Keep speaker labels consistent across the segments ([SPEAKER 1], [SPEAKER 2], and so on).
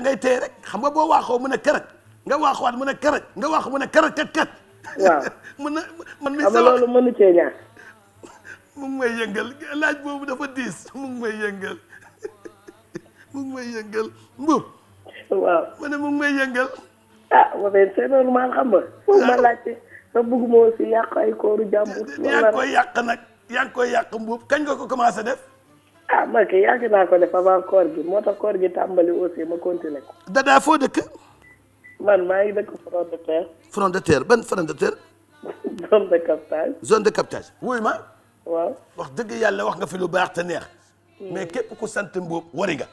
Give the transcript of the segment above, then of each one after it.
[SPEAKER 1] da ngay téye rek xam nga boo waaxoo mën a kërëg nga waaxuwaat mën a kërëg nga wax waaxu mën a kërëg kat kat. waaw mën na man mi. sama loolu
[SPEAKER 2] mënu cee ñaar.
[SPEAKER 1] mu ngi may yëngal laaj boobu dafa diis mu ngi may yëngal mu ngi may yëngal Mbour. waaw ma ne mu ngi may yëngal. ah ma ne c'est normal xam nga. waaw ma laajte sa ay kooru jàmbur. yaa ngi koy yàq nag yaa ngi koy yàq Mbour kañ nga ko commencé def. ah man kay yàgg naa ko def avant koor gi moo tax koor gi tàmbali aussi ma continué ko. Dada foo dëkk. man maa ngi dëkk front de terre. front de terre ban front de terre. zone de captage. zone de captage wuy ma. waaw wax dëgg yàlla wax nga fi lu baax te neex. mais képp ku sant mboob wari nga.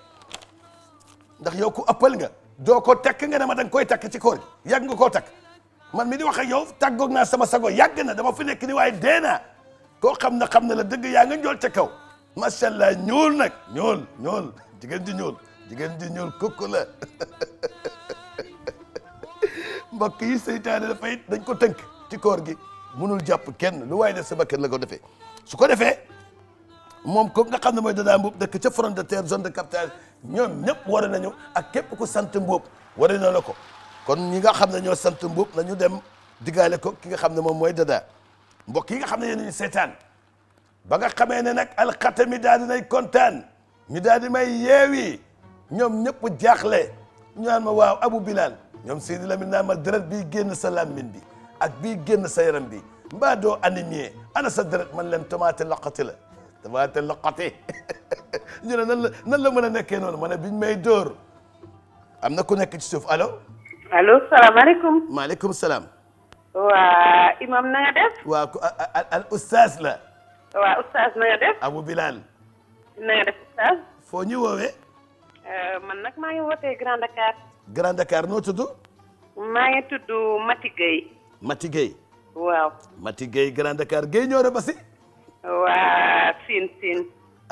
[SPEAKER 1] ndax yow ku ëppal nga. doo ko takk nga ne ma da nga koy takk ci koor yàgg nga koo takk man mi di wax ak yow tàggoog naa sama sago yàgg na dama fi nekk ni waaye dee na ko xam na xam na la dëgg yaa nga njool ca kaw. macha allah ñuul nag ñuul ñuul jigéen ji ñuul jigéen ji ñuul kukku la mbokk yi seytaane dafay dañ ko tënk ci koor gi munul jàpp kenn lu waaye def sa bakkan la ko defee su ko defee moom comme nga xam ne mooy dadaa mbuub dëkk ca front de terre zone de captage ñoom ñëpp war nañu ak képp ku sant mbuub war na ko kon ñi nga xam ne ñoo sant mbuub nañu dem diggaale ko ki nga xam ne moom mooy dadaa mbokk yi nga xam ne yéen ñu seetaan ba nga xamee ne nag alxatami daal di nay kontaan ñu daal di may yeewi ñoom ñëpp jaaxle ñu naan ma waaw Abu Bilal ñoom Sidi Lamine naan ma deret bi génn sa làmmiñ bi ak bii génn sa bi mbaa doo anémie ana sa deret man leen tomate loqati la tomate loqati ñu ne nan la nan la mën a nekkee noonu ma ne biñ may dóor am na ku nekk ci suuf alo allo salaamaaleykum. maaleykum salaam. waa
[SPEAKER 2] imam na nga def.
[SPEAKER 1] waa ku al al ustaas la.
[SPEAKER 2] waaw oustaz na nga def. Abou Bilal. na def oustaz.
[SPEAKER 1] foo ñu woowee.
[SPEAKER 2] Euh, man nag maa ngi wootee Grand Dakar.
[SPEAKER 1] Grand Dakar noo tudd.
[SPEAKER 2] maa ngi tudd Mati Gueye. waaw.
[SPEAKER 1] Mati Gueye Grand Dakar ñoo ba
[SPEAKER 2] waa Sine
[SPEAKER 1] Sine.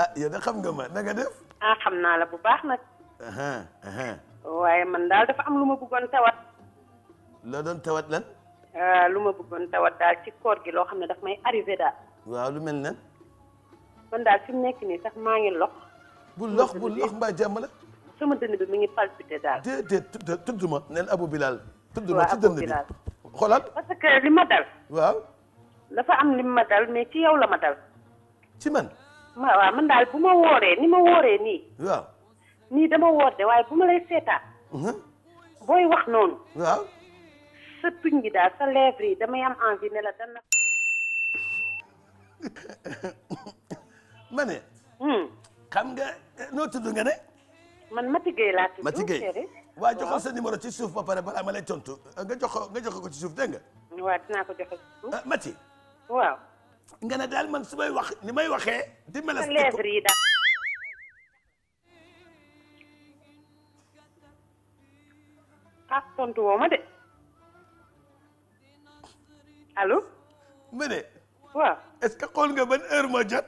[SPEAKER 1] ah yow da xam nga ma na def.
[SPEAKER 2] ah xam naa la bu baax nag. waaye man daal dafa am lu ma bëggoon tawat.
[SPEAKER 1] loo tawat lan.
[SPEAKER 2] Euh, lu ma bëggoon tawat daal ci koor gi loo xam ne daf may arrivé daal.
[SPEAKER 1] waaw lu mel nan man daal fi mu nekk nii sax maa ngi lox bu lox bu lox mbaa jàmm la sama dënn bi mi ngi palpité daal déedéet tudd ma neel Abou Bilal tudd ma ci dënn bi xoolal parce que li ma dal waaw dafa am li ma dal mais ci yow la ma dal ci man
[SPEAKER 2] ma waaw man daal bu ma wooree ni ma wooree nii waaw nii dama woor de waaye bu ma lay seetaan mhm. booy wax noonu waaw sa tuñ gi daal sa lèvre damay am envie ne la dana
[SPEAKER 1] ma ne. Hmm. xam nga eh, noo tudd nga ne. man Mati Gueye laa tudd. Mati Gueye waaw joxoon sa numéro ci suuf ba pare balaa ma lay tontu nga jox ko nga jox ko ci suuf dégg nga. waaw dinaa ko joxe ci suuf. Ah, Mati. waaw. nga ne daal man su wax ni may waxe di mel as lèvre yi daal. ah woo ma waaw est-ce que xool nga ban heure ma jot.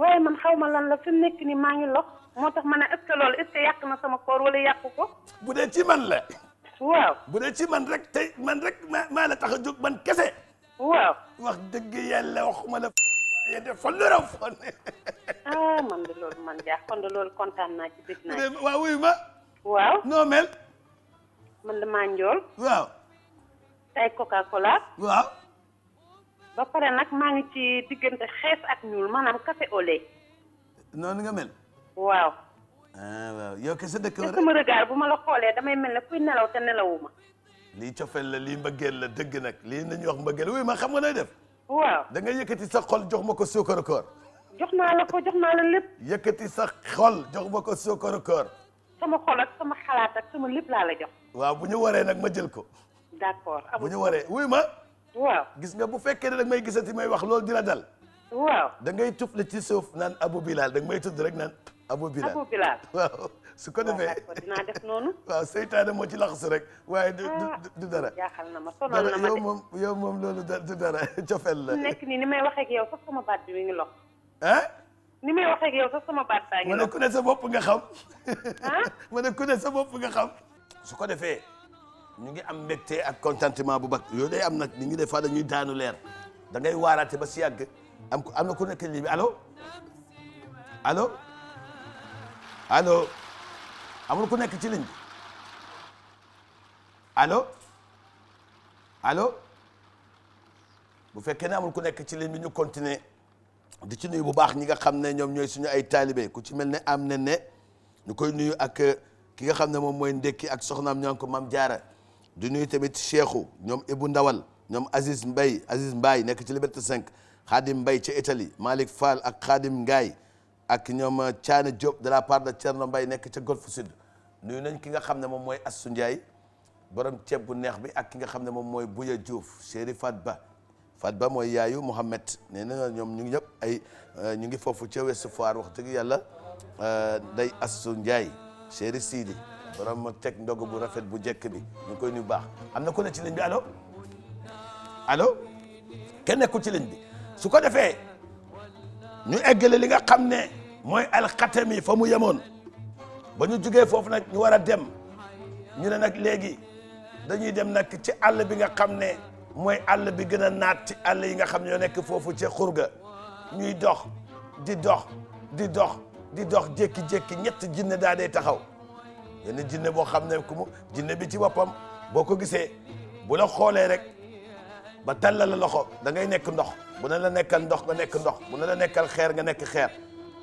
[SPEAKER 2] waaye man xaw ma lan la fi nekk nii maa ngi lox moo tax ma ne est-ce que loolu est-ce que yàq na sama koor wala yàqu ko.
[SPEAKER 1] bu dee ci man la. waaw bu dee ci man rek tey man rek maa la tax a jóg man kese. waaw wax dëgg yàlla waxuma la. waaye de fan la rafetlu.
[SPEAKER 2] ah man de loolu man jaa kon de loolu kontaan naa ci bég naa ci. waaw wuyu ma.
[SPEAKER 1] waaw noo man de njool. waaw.
[SPEAKER 2] ay Coca Cola. waaw. ba pare nag maa ngi ci diggante xees ak ñuul maanaam café au noonu nga mel. waaw.
[SPEAKER 1] ah waaw yow kese dëkk la sama regard
[SPEAKER 2] bu ma la xoolee damay mel ne kuy nelaw te nelawuma.
[SPEAKER 1] lii cofeel la lii mbëggeel la dëgg nag lii nañu wax mbëggeel wuy ma xam nga lay def. waaw da nga yëkkati sa xol jox ma ko suukaru koor. jox naa la ko jox naa la lépp. yëkkati sa xol jox ma ko suukaru koor. sama xol ak sama
[SPEAKER 2] xalaat ak sama lépp laa la jox.
[SPEAKER 1] waaw bu ñu waree nag ma jël ko.
[SPEAKER 2] d'accord bu ñu
[SPEAKER 1] waree waaw gis nga bu fekkee ne dag may gisati may wax loolu di la dal. waaw da ngay tufle ci suuf naan Abu Bilal da nga may tudd rek naan. Abu Bilal Abu Bilal waaw. su ko defee
[SPEAKER 2] dinaa
[SPEAKER 1] seytaane moo ci laxasu rek. waaye du du ah, dara.
[SPEAKER 2] jaaxal na ma sonal na ma
[SPEAKER 1] yow moom loolu du dara cofel la.
[SPEAKER 2] nekk nii ni may wax ak yow sax sama baat bi mi ngi lox. ah. ni may wax ak yow sax sama baat ma ne ku
[SPEAKER 1] ne sa bopp nga xam. ah ma sa bopp nga xam. su ko defee. ñu ngi am mbégte ak contentement bu baax yooyu day am nag ñu ñi des fois ñuy daanu leer da ngay waaraate ba si yàgg am am na ku nekk ligne bi allo allo allo amul ku nekk ci ligne bi allo bu fekkee ne amul ku nekk ci ligne ñu continuer di ci nuyu bu baax ñi nga xam ne ñoom ñooy suñu ay taalibe ku ci mel ne am ne ne ñu koy nuyu ak ki nga xam ne moom mooy ndekki ak soxnaam ñoo ngi ko maam jaara du nuyu tamit Cheikhou ñoom Ibou Ndawal ñoom Aziz Mbaye Aziz Mbaye nekk ci Liberté 5 Khadim mbay ca Italie Malick Fall ak Khadim Ngaye ak ñoom euh, Thiane Diop de la part de Thierno mbay nekk ca Golf Sud nuyu nañ ki nga xam ne moom mooy Assou Ndiaye borom ceeb bu neex bi ak ki nga xam ne moom mooy Bouya Diouf chéri Fat Ba Fat Ba mooy yaayu Mouhamed nee na ñoom ñu ngi ñëpp ay euh, ñu ngi foofu ca Ouest Foire wax dëgg yàlla euh, day Assou Ndiaye chéri Sidi borom ma teg ndog bu rafet bu jekk bi ñu koy nuyu baax am na ko ne ci ligne bi allo allo kenn nekkul ci ligne bi su ko defee ñu eggale li nga xam ne mooy alxatami fa mu yemoon ba ñu jugee foofu nag ñu war a dem ñu ne nag léegi dañuy dem nag ci àll bi nga xam ne mooy àll bi gën a naat ci àll yi nga xam ne ñoo nekk foofu ci xurga ñuy dox di dox di dox di dox jékki-jékki ñett jinne daa dee taxaw yenn jinne boo xam ne ku mu jinne bi ci boppam boo ko gisee bu la xoolee rek ba tàllal la loxo dangay nekk ndox bu ne la nekkal ndox nga nekk ndox bu ne la nekkal xeer nga nekk xeer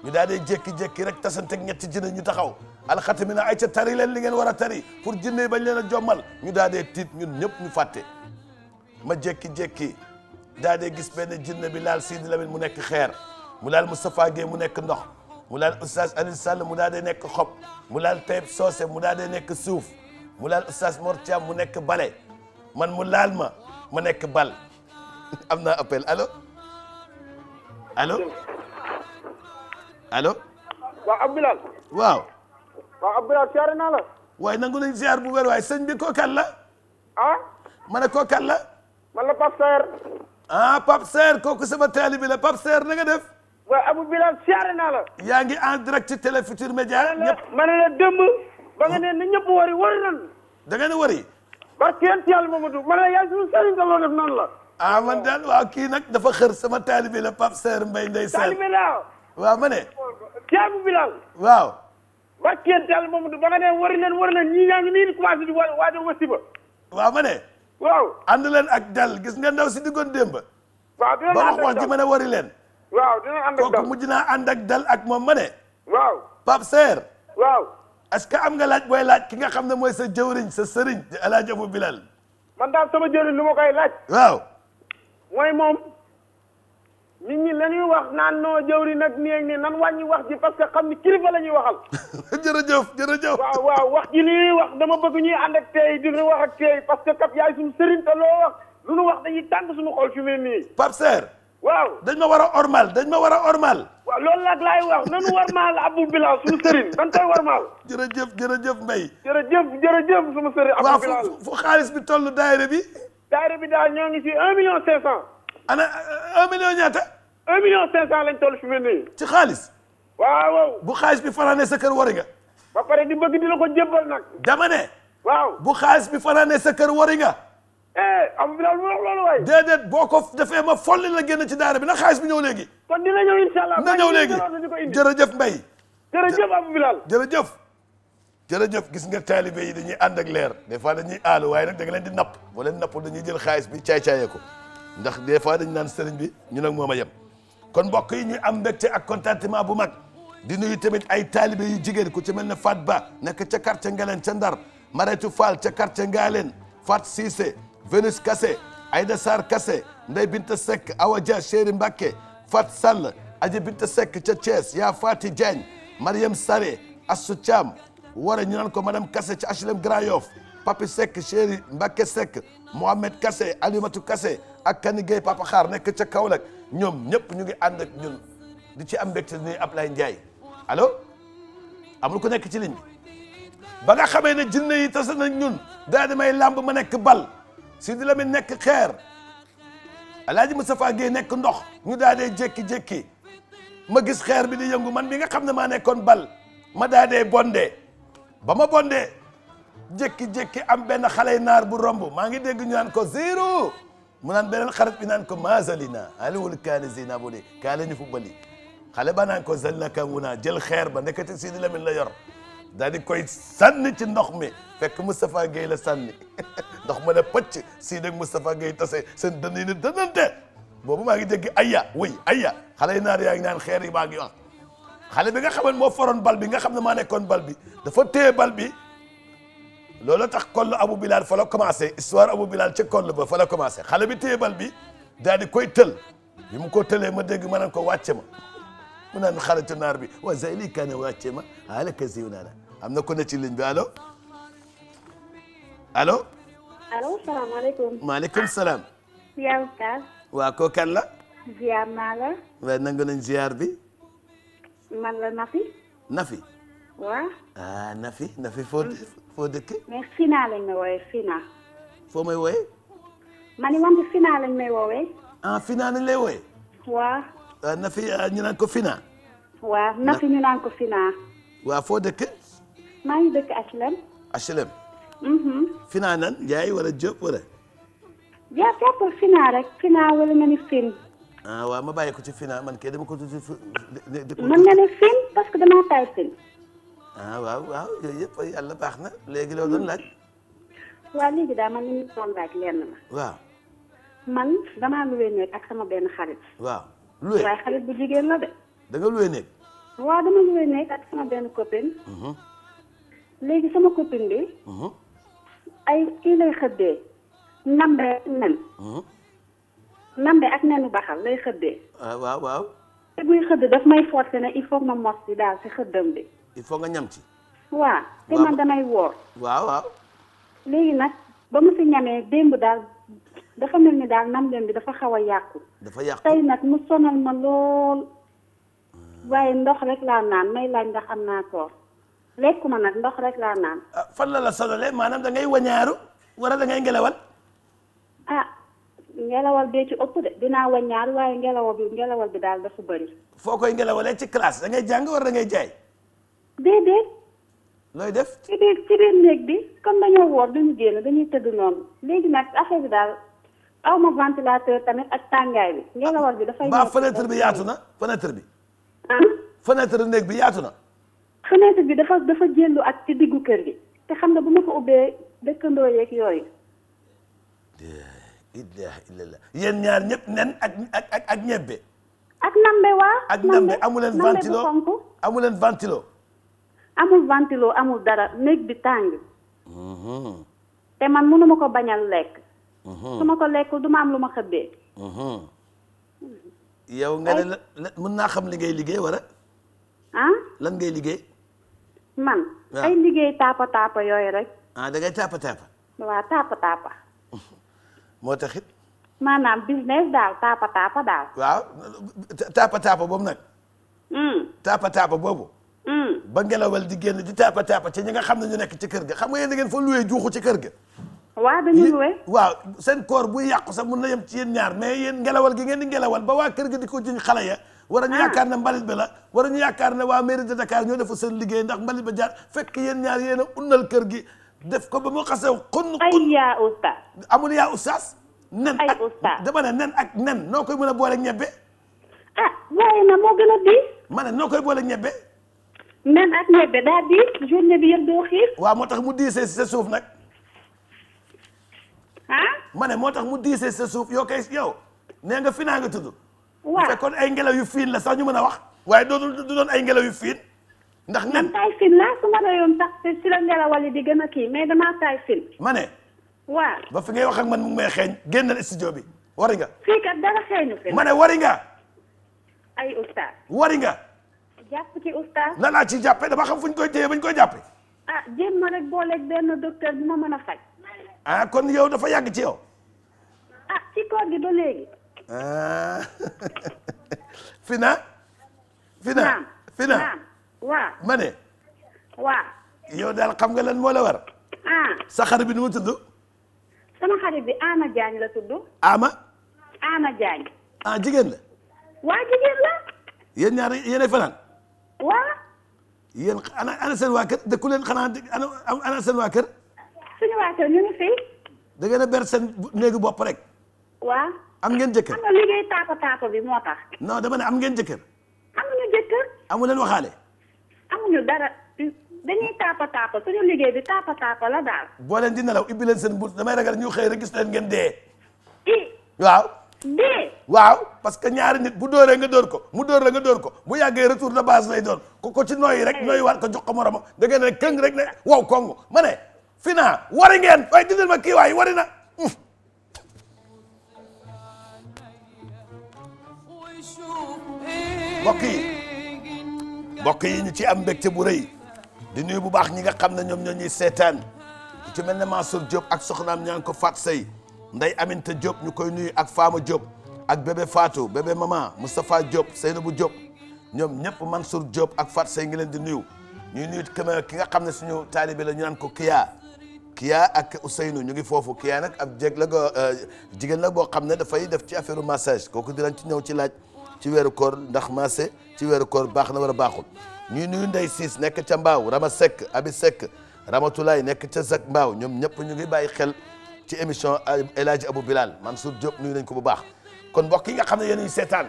[SPEAKER 1] ñu daal di jékki-jékki rek tasanteeg ñetti jinne ñu taxaw alxatami na ay ca tari leen li ngeen war a tari pour jinne bañ leen a jommal ñu daal di tiit ñun ñëpp ñu fàtte ma jékki-jékki daal gis benn jinne bi laal Sidi Lamine mu nekk xeer mu laal Moustapha Gueye mu nekk ndox mu laal oustaz Alioune mu daal nekk xob mu laal Taïb soose mu daal nekk suuf mu laal oustaz Mor mu nekk bale man mu laal ma ma nekk bal am naa appel allo allo allo. waaw Abdoulaye. waaw. waaw Abdoulaye siyaare naa la. waaye nangu nañ ziar bu wér waaye sëñ bi kookal la. ah. ma ne kookal la. man la Pape Serre. ah Pape Serre kooku sama taalibi la Pape Serre na def. waaw Abou Bilal siyaare naa la. yaa ngi en direct ci Télé Futur Média. ñëpp ma ne la démb. ba nga ne na ñëpp wari wari nan da ngeen a wari. barke yent yàlla Mamadou ma ne la yaay suñu sëriñ da loo def la. ah man daal waaw kii nag dafa xër sama taalibe la Pape Serre Mbaye Ndeye ma ne. ci Abou Bilal. waaw. barke yent yàlla Mamadou ba nga ne wari leen wari leen ñii ñaa ngi nii di commencé di wa waajal wasiba. waaw ma ne. waaw ànd leen ak dal gis nga ndaw si diggoon démb. waaw dina la ànd ak dal ba wax wax ji ma ne wari leen waaw dinañ ànd ak dal naa ànd ak ak moom ma ne. waaw Pape Serre. waaw est que am nga laaj booy laaj ki nga xam ne mooy sa jëwriñ sa sëriñ di El Hadj Abou Bilal. man daal sama jëwriñ lu ma koy laaj. waaw. mooy moom. ni ñi la ñuy wax naan noo jëwri nag nii ak nii nan wàññi wax ji parce que xam ni kilifa la ñuy waxal. jërëjëf jërëjëf. waaw waaw wax ji li wax dama bëgg ñuy ànd ak tey di wax ak tey parce que kat yaay suñu sëriñ te loo wax lu nu wax dañuy tàng suñu xol fi mu ne nii. Pape Serre. waaw dañ ma war a ormal dañ ma war a ormal. waaw loolu nag laay wax nanu warmaal Abou Bilal suñu sëriñ dañ koy warmaal. jërëjëf jërëjëf Mbaye. jërëjëf jërëjëf suma sëriñ. Abou Bilal waaw fu xaalis bi toll daayira bi. daayira bi daal ñoo ngi ci un million cinq cent. ana euh, un million ñaata. un million cinq cent lañ toll fi mu nii. ci xaalis. waaw. bu xaalis bi fanaanee sa kër wari nga. ba pare di bëgg di la ko jébbal nag. dama waaw bu xaalis bi fanaanee sa kër wari nga. am bilal mu wax loolu waay. boo ko defee ma folli la génn ci daara bi na xaalis bi ñëw léegi. kon dina ñëw incha allah. na ñëw léegi jërëjëf Mbaye. jërëjëf am bilal jërëjëf. jërëjëf gis nga taalibe yi dañuy ànd ak leer des fois dañuy aalu waaye nag da nga leen di napp boo leen nappul dañuy jël xaalis bi caay-caayee ko ndax des fois dañu naan sëriñ bi ñu nag moom a yem kon mbokk yi ñuy am mbégte ak contentement bu mag di nuyu tamit ay taalibe yu jigéen ku ci mel ne Fat Ba nekk ca quartier Ngaleen ca Ndar Maratu Fall ca quartier Ngaleen Fat Cissé Venus ay Aïda Sarr kase Ndeye Binta sekk Awa Dia Chéri Mbacké Fat Sall Adja Binta Seck ca Thiès Ya Fati Diagne Mariam Saré Assou Thiam war a ñu naan ko madame Kassé ca HLM Grand Yoff Papi Seck Chéri Mbacké Seck Mohamed Kassé Alimatou Kassé ak Kani Gueye Papa Xaar nekk ca Kaolack ñoom ñëpp ñu ngi ànd ak ñun di ci am mbégte ni Ablaye Ndiaye allo amul ku nekk ci ligne bi ba xamee ne jinne yi tase nañ ñun daa damay làmb ma nekk bal Sidi Lamine nekk xeer Alaaji Moustapha Gueye nekk ndox ñu daa dee jékki-jékki ma gis xeer bi di yëngu man bi nga xam ne maa nekkoon bal ma daa dee bondé ba ma bondé jekki jékki am benn xale naar bu romb maa ngi dégg ñu naan ko zéro mu naan beneen xarit bi naan ko mazalina aliwul kaale zina bu de kaale ñu fu bëli xale ba naan ko zallaka wuna jël xeer ba nekkati Sidi Lamine la yor daal di koy sànni ci ndox mi fekk Moustapha Guèye la sànni ndox ma ne pëcc sii deg Moustapha Guèye tase seen dënn yi ne dënante boobu maa ngi dégg ayya aya ayya xale naar yaa ngi naan xeer yi maa xale bi nga xam ne moo foroon bi nga xam ne maa nekkoon bal bi dafa téye bal bi loolu tax koll Abu Bilal fa la commencé histoire Abu Bilal ci koll ba fa commencé xale bi téye bi daal di koy tël bi mu ko tëlee ma dégg ma naan ko wàcce ma mu naan xaritu naar bi wa zayli kaane wàcce ma alaka ziw naa am na ku ne ci ligne bi allo allo.
[SPEAKER 2] allo salaamaaleykum.
[SPEAKER 1] maaleykum salaam.
[SPEAKER 3] ziar Oustaz.
[SPEAKER 1] waa ko kan la.
[SPEAKER 3] ziar naa la.
[SPEAKER 1] waaye nangu nañ ziar bi. man la Nafi. Nafi. waaw. ah Nafi Nafi foo mm. foo dëkk.
[SPEAKER 3] mais Sina lañ may woowee Sina. foo may woowee. ma ni wante Sina lañ may woowee.
[SPEAKER 1] ah Fina lañ lay woowee. waaw. Ah, Nafi ah, ñu naan ko Fina.
[SPEAKER 3] waaw Nafi ñu naan ko Fina.
[SPEAKER 1] waaw foo dëkk.
[SPEAKER 3] maa ngi dëkk HLM.
[SPEAKER 1] HLM. Fina nan Ndiaye wala Diop wala.
[SPEAKER 3] Dia fépp Fina rek Fina wala nga ni Fine.
[SPEAKER 1] ah waaw ma bàyyi ko ci finaa man ke dama ko tudd fi. ah waaw waaw yooyu yàlla baax na léegi loo doon laaj.
[SPEAKER 3] waaw léegi daal man li ñu doon laaj lenn la. waaw. man damaa luwee néeg ak sama benn xarit.
[SPEAKER 1] waaw luwee
[SPEAKER 3] waaye xarit bu jigéen la de. da nga luwee néeg. waaw dama luwee néeg ak sama benn copine. Mhm. léegi sama copine bi. Uh-huh. ay kii lay xëddee. nambe ak nen. Uh-huh. nambe ak nenu baxal lay xëddee.
[SPEAKER 1] ah waaw waaw.
[SPEAKER 3] te buy xëdd daf may forcer ne il faut ma mos ci daal ci xëddam bi.
[SPEAKER 1] il faut nga ñam ci.
[SPEAKER 3] waaw te man damay woor. waaw waaw. léegi nag ba mu si ñamee démb daal dafa mel ni daal nambeem bi dafa xaw a yàqu. tey nag mu sonal ma lool. Ah. waaye ndox rek laa naan may laaj ndax am naa koor. lekkuma nag ndox rek laa naan.
[SPEAKER 1] Ah, fan la la solo sonalee maanaam da ngay wañaaru wala da ngay ngelawal.
[SPEAKER 3] ah ngelawal bee ci ëpp de dinaa wañaaru waaye ngelawal bi daal dafa bëri.
[SPEAKER 1] foo koy ngelawalee ci classe dangay jàng wala da jaay. déedéet. looy def. ci biir
[SPEAKER 3] ci biir néeg bi comme dañoo woor ñu génn dañuy tëdd noonu léegi nag affaire bi daal aw ma ventilateur tamit ak tàngaay bi. ngelawal bi dafay. mbaa
[SPEAKER 1] fenêtre bi yaatu na fenêtre bi. Ah? fenêtre néeg bi yaatu na.
[SPEAKER 3] fenêtre bi dafa dafa jéllu ak ci diggu kër gi te xam nga bu ma ko ubbee dëkkandoo yeeg yooyu.
[SPEAKER 1] ilaha illallah yéen ñaar ñëpp nen ak ak ñebbe. ak nambe ak nambe amu leen amul
[SPEAKER 3] ventilo amul dara néeg bi tàng.
[SPEAKER 1] Mhm.
[SPEAKER 3] te man mënu ma ko bañal lekk. Mhm. su ma ko lekkul du ma am lu ma xëbbee.
[SPEAKER 1] Mhm. yow nga ne la mën naa xam li ngay liggéey wala. ah lan ngay liggéey. man. ay
[SPEAKER 3] liggéey tapa taapa yooyu rek.
[SPEAKER 1] ah da ngay taapa taapa.
[SPEAKER 3] waaw taapa taapa. moo taxit. naam business daal tapa taapa daal.
[SPEAKER 1] waaw taapa taapa boobu nag. Hmm. taapa taapa boobu. Hmm. ba ngelawal di génn di taapa taapa ci ñi nga xam ne ñu nekk ci kër ga xam nga yéen da ngeen fa luwee juuxu ci kër ga. waaw dañuy luwee. waaw seen koor bu yàqu sax mun na yem ci yéen ñaar mais yéen ngelawal gi ngeen di ngelawal ba waa kër ga di ko ji xale ya. wala ñu ah. yaakaar ne mbalit bi la wala ñu yaakaar ne waa mairie de Dakar ñoo defa seen liggéey ndax mbalit ba jaar fekk yéen ñaar yéen a unnal kër gi def ko ba mu xase xunn ay yaa oustaz amul yaa oustaz nen ay oustaz dama ne nen ak nen noo koy mën a boole ñebbe ah waaye na moo gën a diis ma ne noo koy boole ñebbe nen ak ñebbe daa diis journée bi yëpp doo xiif waaw moo tax mu diisee si sa suuf nag ah ma ne moo tax mu diisee si sa suuf yoo koy yow nee nga fi naa nga tudd waa kon ay ngelaw yu fiin la sax ñu mën a wax waaye dootul du doon ay ngelaw yu fiin ndax nen taay
[SPEAKER 3] fin la su ma doon sax si la ngelawali di gën a kii mais damaa taay fin ma ne waaw
[SPEAKER 1] ba fi ngay wax ak man mu ngi may xeeñ génnal studio bi wari nga
[SPEAKER 3] fii kat dara xeeñu fi ma ne wari nga ay oustaz wari nga jàpp ci oustaz la laa ci jàppe
[SPEAKER 1] dama xam fu ñu koy téye ba ñu koy jàppe
[SPEAKER 3] ah jéem ma rek booleeg benn docteur bu ma mën a faj
[SPEAKER 1] ah, kon yow dafa yàgg ci yow
[SPEAKER 3] ah, ci koor gi ba léegi
[SPEAKER 1] Ah. Fina. Fina Fina waaw ma ne. waaw. yow daal xam nga lan moo la war. Ah. sa xarit bi nu mu tudd.
[SPEAKER 3] sama xarit bi Ama Diagne la tudd. Ama. Ama Diagne.
[SPEAKER 1] ah jigéen la. waa jigéen la. yéen ñaar yéenay fanaan. waaw. yéen ana ana seen waa kër dëkku leen xanaa ana ana seen waa kër. suñu waa kër ñu ngi fi. da ngeen a ber seen néegu bopp rek. waa am ngeen jëkkër am na liggéey dama ne ngeen jëkkër. amuñu jëkkër. leen waxaale.
[SPEAKER 3] amuñu dara dañuy taapa taapa suñu liggéey bi taapa la daal.
[SPEAKER 1] boo leen di nelaw ibbi leen seen bunt damay ragal ñu xëy rek gis leen geen dee. i. waaw. dee. waaw parce que ñaari nit bu dóoree nga dóor ko mu dóor la door ko bu yàggee retour de base lay doon ko ko ci nooyi rek nooyi waat ko jox ko moromam da ngeen rek ne wow kongo ma ne. fina wari ngeen waaye dindal ma kii waay wari mbokk yi mbokk ñu ci am mbégte bu rëy di nuyu bu baax ñi nga xam ne ñoom ñoo ñuy seetaan ci mel ne Mansour Diop ak soxnaam ñaa ngi ko Fatou Sey nday Aminta Diop ñu koy nuyu ak Fama Diop ak bébé Fatou bébé maman Moustapha Diop Seynabou Diop ñoom ñëpp Mansour Diop ak Fatou Sey ngi leen di nuyu ñuy nuyu ki nga xam ne suñu taalibe la ñu naan ko Kiya Kiya ak Ousseynou ñu ngi foofu Kiya nag ab jéeg la ko euh, jigéen la boo xam ne dafay def ci affaire massage kooku dinañ ci ñëw ci laaj. ci weeru koor ndax maase ci weeru koor baax na war a baaxul ñuy nuyu Ndey Siis nekk ca Mbaaw Rama Seck Abi Seck Ramatulaay nekk ca Zak Mbaaw ñoom ñëpp ñu ngi bàyyi xel ci émission El Hadji Abou Bilal Mansour Diop nuyu nañ ko bu baax kon mbok yi nga xam ne yéen ñuy seetaan